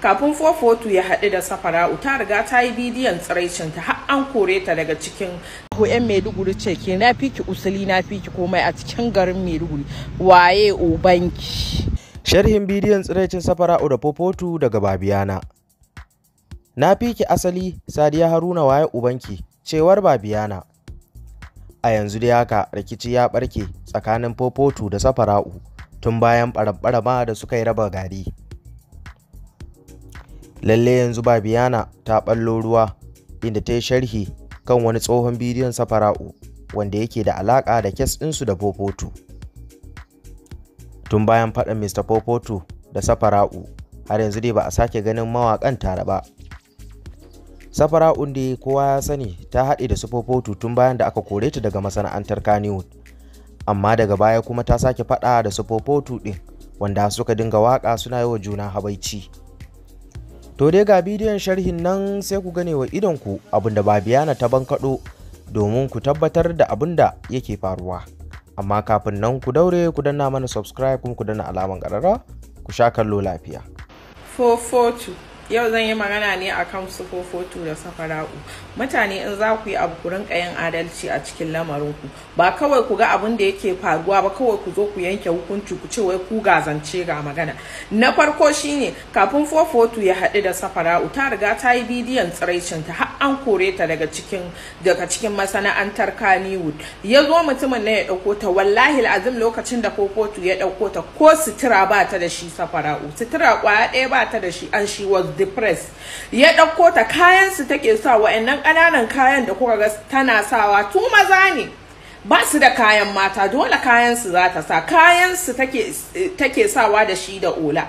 kafin fofotu ya haɗu da safara'u ta riga ta yi bidiyon tsiraicinta har an kore ta daga cikin ko yan maiduguri ce ke na fiki usuli na fiki komai a cikin garin maiduguri waye ubanki sharhin bidiyon tsiraicin safara'u da fofotu daga babiyana na fiki asali sadiya haruna waye ubanki cewar babiyana a yanzu da haka rikici ya barke tsakanin fofotu da safara'u tun bayan ɓarɓarama da suka yi raba gari lalle yanzu ba Biyana ta ɓallo ruwa inda ta yi sharhi kan wani tsohon bidiyon safara'u wanda yake da alaƙa da kes ɗinsu da Popoto. Tun bayan faɗan Mr. Popoto da safara'u har yanzu dai ba a sake ganin mawaƙan tare ba. Safara'un da kowa ya sani ta haɗe da su Popoto tun bayan da aka kore ta daga masana'antar Kannywood. Amma daga baya kuma ta sake faɗa da su Popoto ɗin wanda suka dinga waƙa suna yi wa juna habaici. to dai ga bidiyon sharhin nan sai ku gane wa idonku abinda ba biyana ta bankaɗo domin ku tabbatar da abin da yake faruwa amma kafin nan ku daure ku danna mana subscribe kuma ku danna alaman ƙararra ku sha kallo lafiya 442 yau zan yi magana ne a kan sufofotu da safara'u mutane in za ku yi abu ku rinka adalci a cikin lamarinku ba kawai ku ga abin da yake faruwa ba kawai ku zo ku yanke hukunci ku ce wai ku gazance ga magana na farko shine kafin fofotu ya haɗu da safara'u ta riga ta yi bidiyon tsiraicin, ta har an kore ta daga cikin daga cikin masana'antar kaniwood ya zo mutumin na ya ɗauko ta wallahi azim lokacin da fofotu ya ɗauko ta ko sutura ba ta da shi safara'u sutura kwaya ɗaya ba ta da shi an shi wasu was depressed ya ɗauko ta kayan su take sa wa'annan ƙananan kayan da kuka ga tana sawa tu maza ne ba su da kayan mata dole kayan su za ta sa kayan su take sawa da shi da ola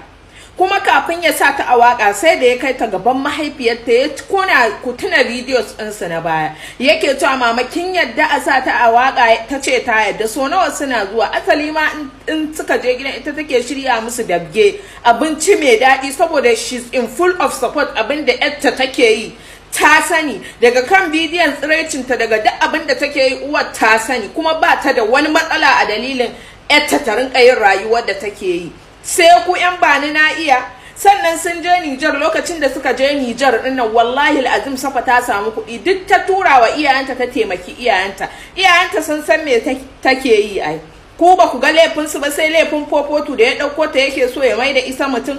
kuma kafin ya sa ta a waka sai da ya kai ta gaban mahaifiyarta ya kuna ku tuna videos ɗinsu na baya yake cewa mama kin yadda a sa ta a waka ta ce ta yadda so nawa suna zuwa asali ma in suka je gidan ita take shirya musu dabge abinci mai daɗi saboda she's in full of support abin da yarta take yi ta sani daga kan bidiyon tsiraicinta daga duk abin da take yi uwar ta sani kuma ba ta da wani matsala a dalilin yarta ta rinka yin rayuwar da take yi sai ku yan bani na iya sannan sun je Nijar lokacin da suka je Nijar dinnan wallahi alazim safa ta samu kuɗi duk ta tura wa iyayenta ta taimaki iyayenta iyayenta sun san me take yi ai ku ba ku ga laifin su ba sai laifin fofotu da ya dauko ta yake so ya mai da isa mutum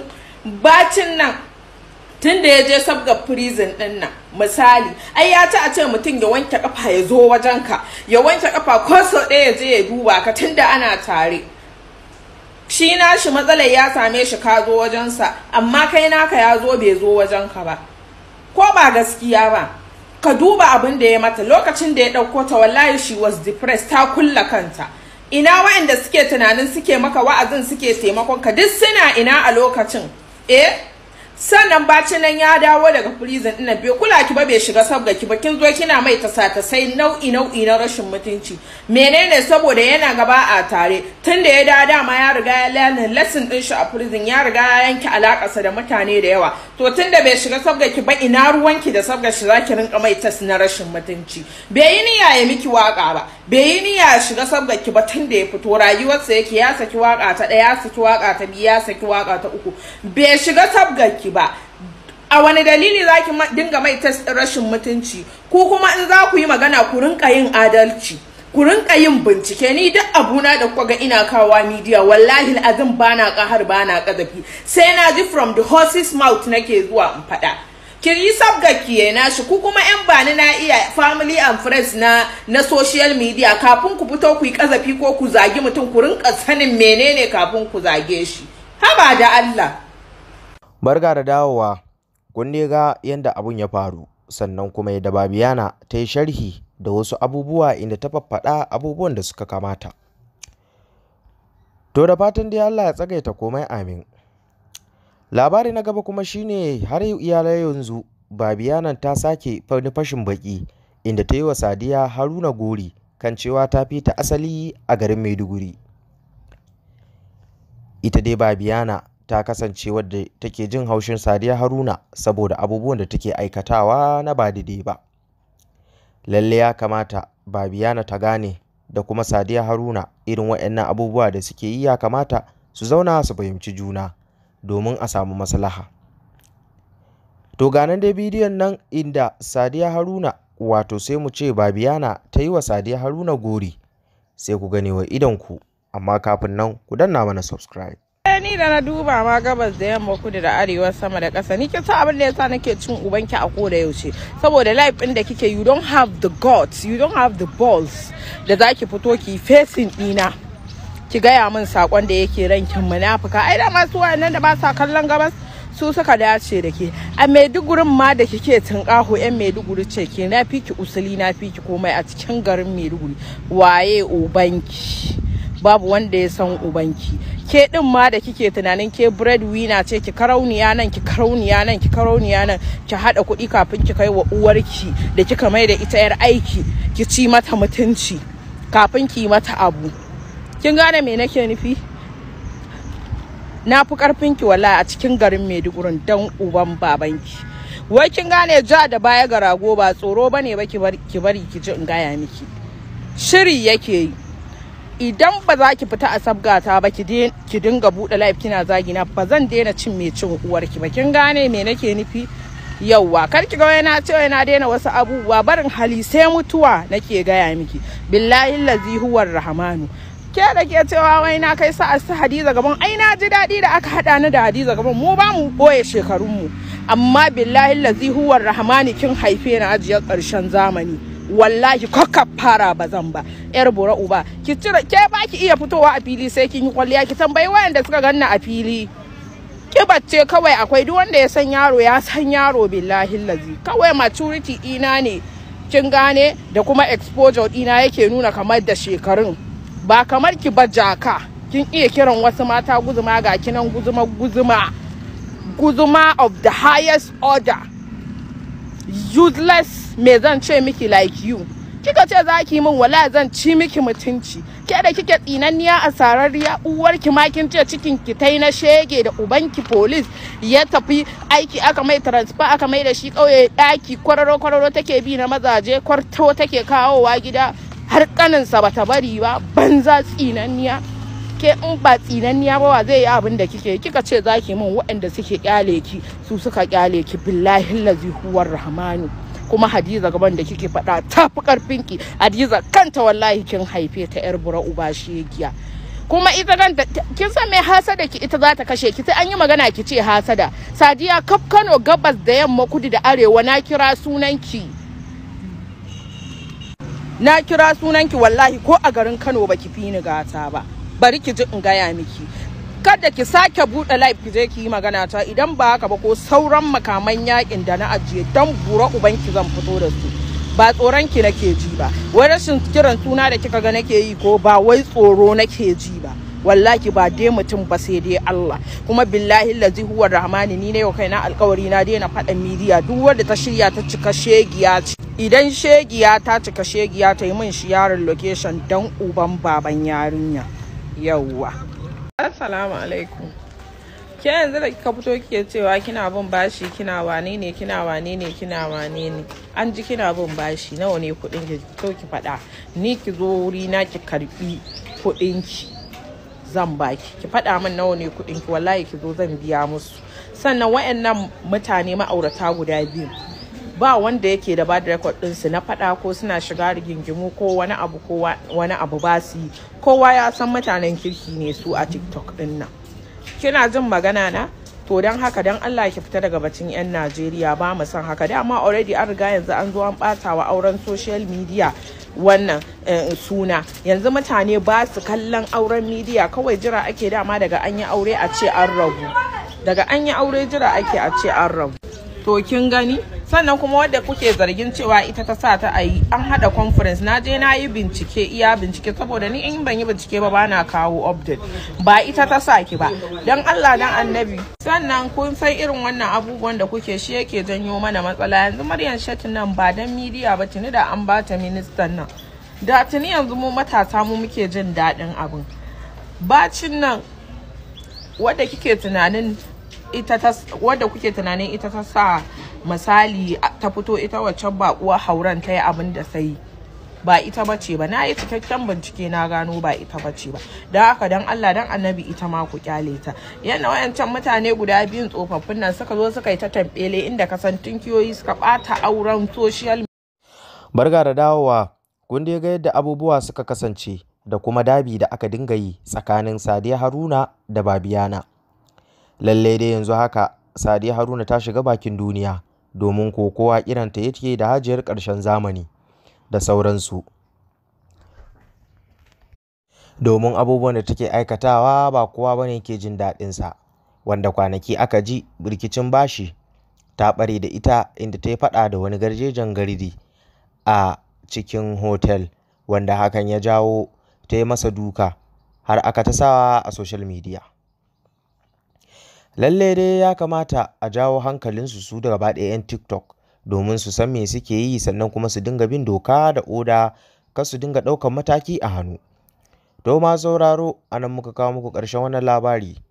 bacin nan tun da ya je sabga prison din nan misali ai ya ci a ce mutum ya wanke kafa ya zo ka ya wanke kafa ko sau ɗaya ya je ya duba ka tun da ana tare shi nashi matsalar ya same shi ka zo wajensa amma kai naka ya zo bai zo wajenka ba ko ba gaskiya ba ka duba abin da ya mata lokacin da ya ɗauko ta wallahi she was depressed ta kulla kanta ina wa'inda suke tunanin suke maka wa'azin suke taimakon ka duk suna ina a lokacin eh sannan bacin nan ya dawo daga prison ina bai kula ki ba bai shiga sabga ki ba kin zo kina mai ta sata sai nau'i nau'i na rashin mutunci menene saboda yana gaba a tare tunda ya dawo dama ya riga ya lalin lesson din shi a prison ya riga ya yanke alakarsa da mutane da yawa to tunda bai shiga sabga ki ba ina ruwan ki da sabga shi zaki rinka mai ta na rashin mutunci bai yi niyya ya miki waka ba bai yi niyya ya shiga sabga ki ba tunda ya fito rayuwarsa yake ya saki waka ta daya ya saki waka ta biyu ya saki waka ta uku bai shiga sabga ki ki ba a wani dalili za ki dinga mai ta rashin mutunci ko kuma in za ku yi magana ku rinka yin adalci ku rinka yin bincike ni duk abuna da kuka ga ina kawa midiya? wallahi azin bana kahar bana kadafi sai na ji from the horse's mouth nake zuwa in faɗa ki yi sabga ki na shi ku kuma yan bani na iya family and friends na na social media kafin ku fito ku yi kazafi ko ku zagi mutum ku rinka sanin menene kafin ku zage shi haba da Allah ga da dawowa, kun ne ga yadda abun ya faru, sannan kuma yadda Babiyana ta yi sharhi da wasu abubuwa inda ta faffaɗa abubuwan da suka kamata. To da fatan dai Allah ya tsagaita komai amin. Labari na gaba kuma shine har iyalai yanzu Babiyanan ta sake ni fashin baki inda ta yi wa Sadiya Haruna gori kan cewa ta fi ta asali a garin Maiduguri. Ita dai Babiyana ta kasance wadda take jin haushin Sadiya Haruna saboda abubuwan da take aikatawa na ba daidai ba. Lalle ya kamata Babiyana ta gane da kuma Sadiya Haruna irin waɗannan abubuwa da suke yi ya kamata su zauna su fahimci juna domin a samu maslaha. To ganan dai bidiyon nan inda Sadiya Haruna wato sai mu ce Babiyana ta yi wa Sadiya Haruna gori sai ku gane wa idonku amma kafin nan ku danna mana subscribe. ai ni da na duba ma gabas da yamma kudu da arewa sama da kasa ni ke sa abin da yasa nake cin ubanki a koda yaushe saboda life ɗin da kike you don't have the guts you don't have the balls da zaki fito ki facing dina ki gaya min sakon da yake rankin munafuka ai da masu wayannan da ba sa kallon gabas su suka dace da ke a maiduguri ma da kike tunƙaho yan maiduguri ce ke na fi ki usuli na fi komai a cikin garin maiduguri waye ubanki babu wanda ya san ubanki ke din ma da kike tunanin ke breadwinner ce ki karauniya nan ki karauniya nan ki karauniya nan ki hada kuɗi kafin ki kai wa uwarki da kika mai da ita yar aiki ki ci mata mutunci kafin ki mata abu kin gane me nake nufi na fi karfin ki wala a cikin garin Maiduguri dan uban babanki wai kin gane ja da baya ga rago ba tsoro bane ba ki bari ki bari ji in gaya miki shiri yake yi idan ba za ki fita a sabgata ba ki dinga buɗe live kina zagina ba zan daina cin mai cin uwarki ba kin gane me nake nufi yauwa kar ki ga ce wai na daina wasu abubuwa barin hali sai mutuwa nake gaya miki billahi lazi huwar rahamanu ke da ke cewa wai na kai sa'a su hadiza gaban ai na ji daɗi da aka haɗa ni da hadiza gaban mu ba mu boye mu. amma billahi lazi huwar rahamani kin haife na ajiyar ƙarshen zamani wallahi ko fara ba zan ba yar bura uba ki cire ke ba ki iya fitowa a fili sai kin yi kwalliya ki tambayi wayanda suka ganna a fili kibar ce kawai akwai duk wanda ya san yaro ya san yaro billahi lazi kawai maturity ina ne kin gane da kuma exposure ina yake nuna kamar da shekarun ba kamar ki ba jaka kin iya kiran wasu mata guzuma ga kinan guzuma guzuma guzuma of the highest order useless me zan ce miki like you kika ce za ki min wala zan ci miki mutunci ke da kike tsinanniya a sararriya uwar ki ma kin ce cikin ki tai na shege da uban ki police ya tafi aiki aka mai transfer aka mai da shi kauye daki kwararo kwararo take bi na mazaje kwarto take kawowa gida har kaninsa bata bari ba banza tsinanniya ke in ba tsinanniya ba wa zai yi abin da kike kika ce za zaki min waɗanda suke kyale ki su suka kyale ki billahi lazihuwar rahmanu kuma hadiza gaban da kike faɗa ta fi ƙarfinki hadiza kanta wallahi kin haife ta yar bura uba shegiya kuma ita nan kin san me hasada ki ita za ta kashe ki sai an yi magana ki ce hasada sadiya kaf kano gabas da yamma kudu da arewa na kira sunanki na kira sunanki wallahi ko a garin kano baki fi ni gata ba bari ki ji in gaya miki kada ki sake buɗe live ki je ki yi magana ta idan ba haka ba ko sauran makaman yakin da na ajiye dan bura ki zan fito da su ba tsoron ki nake ji ba wai rashin kiran suna da kika ga nake yi ko ba wai tsoro nake ji ba wallahi ba dai mutum ba sai dai Allah kuma billahi lazi huwa rahmani ni ne kai na alkawari na daina faɗan midiya duk wanda ta shirya ta cika shegiya idan shegiya ta cika shegiya ta yi min shi location dan uban baban yarinya yawa. assalamu alaikum ke yanzu da kika fito kike cewa kina bin bashi kina wane ne kina wane ne kina wane ne an ji kina bin bashi nawa ne kudin ki to ki faɗa ni ki zo wuri na ki karbi kudin ki zan baki ki faɗa min nawa ne kudin ki wallahi ki zo zan biya musu sannan wayannan mutane ma'aurata guda biyu ba wanda yake da bad record ɗinsu na faɗa ko suna shiga rigingimu ko wani abu ko wani abu ba su yi kowa ya san mutanen kirki ne su a tiktok ɗin nan kina jin magana na to don haka don Allah ki fita daga bacin 'yan Najeriya ba mu san haka dama already an riga yanzu an zo an ɓata wa auren social media wannan eh, suna yanzu mutane ba su kallon auren media kawai jira ake dama daga an yi aure a ce an rabu daga an aure jira ake a ce an rabu to kin gani sannan kuma wadda kuke zargin cewa ita ta sa ta ayi an hada conference na je na yi bincike iya bincike saboda ni in ban yi bincike ba bana kawo update ba ita ta sa ki ba dan Allah dan annabi sannan kun san irin wannan abubuwan da kuke shi yake janyo mana matsala yanzu Maryam Shatin nan ba dan media ba tuni da an bata ministan nan da tuni yanzu mu matasa mu muke jin daɗin abin bacin nan wadda kike tunanin ita ta wadda kuke tunanin ita ta sa misali ta fito ita waccan bakuwa hauran ta yi abin da sai ba ita bace ba na yi cikakken bincike na gano ba ita bace ba don haka don Allah don annabi ita ma ku kyale ta yana wayancan mutane guda biyun tsofaffin nan suka zo suka yi ta tambele inda kasan tunkiyoyi suka bata auren social barga da dawowa dai ga yadda abubuwa suka kasance da kuma dabi da aka dinga yi tsakanin Sadiya Haruna da Babiyana lalle dai yanzu haka Sadiya Haruna ta shiga bakin duniya domin kowa kiranta yake da hajiyar ƙarshen zamani da sauransu. Domin abubuwan da take aikatawa ba kowa ba ne ke jin daɗinsa, wanda kwanaki aka ji rikicin bashi ta ɓare da ita inda ta yi faɗa da wani garjejen gardi a cikin hotel wanda hakan ya jawo ta yi masa duka har aka ta sawa a social media. Lallai dai ya kamata a jawo hankalinsu su gaba ɗaya 'yan TikTok domin su san me suke yi sannan kuma su dinga bin doka da oda kar su dinga ɗaukar mataki a hannu. To ma sauraro a muka kawo muku ƙarshen wannan labari.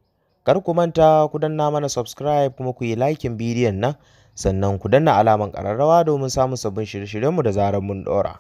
Kar ku manta ku danna mana subscribe kuma ku yi likin bidiyon nan sannan ku danna alaman ƙararrawa domin samun sabbin shirye-shiryenmu da zarar mun ɗora.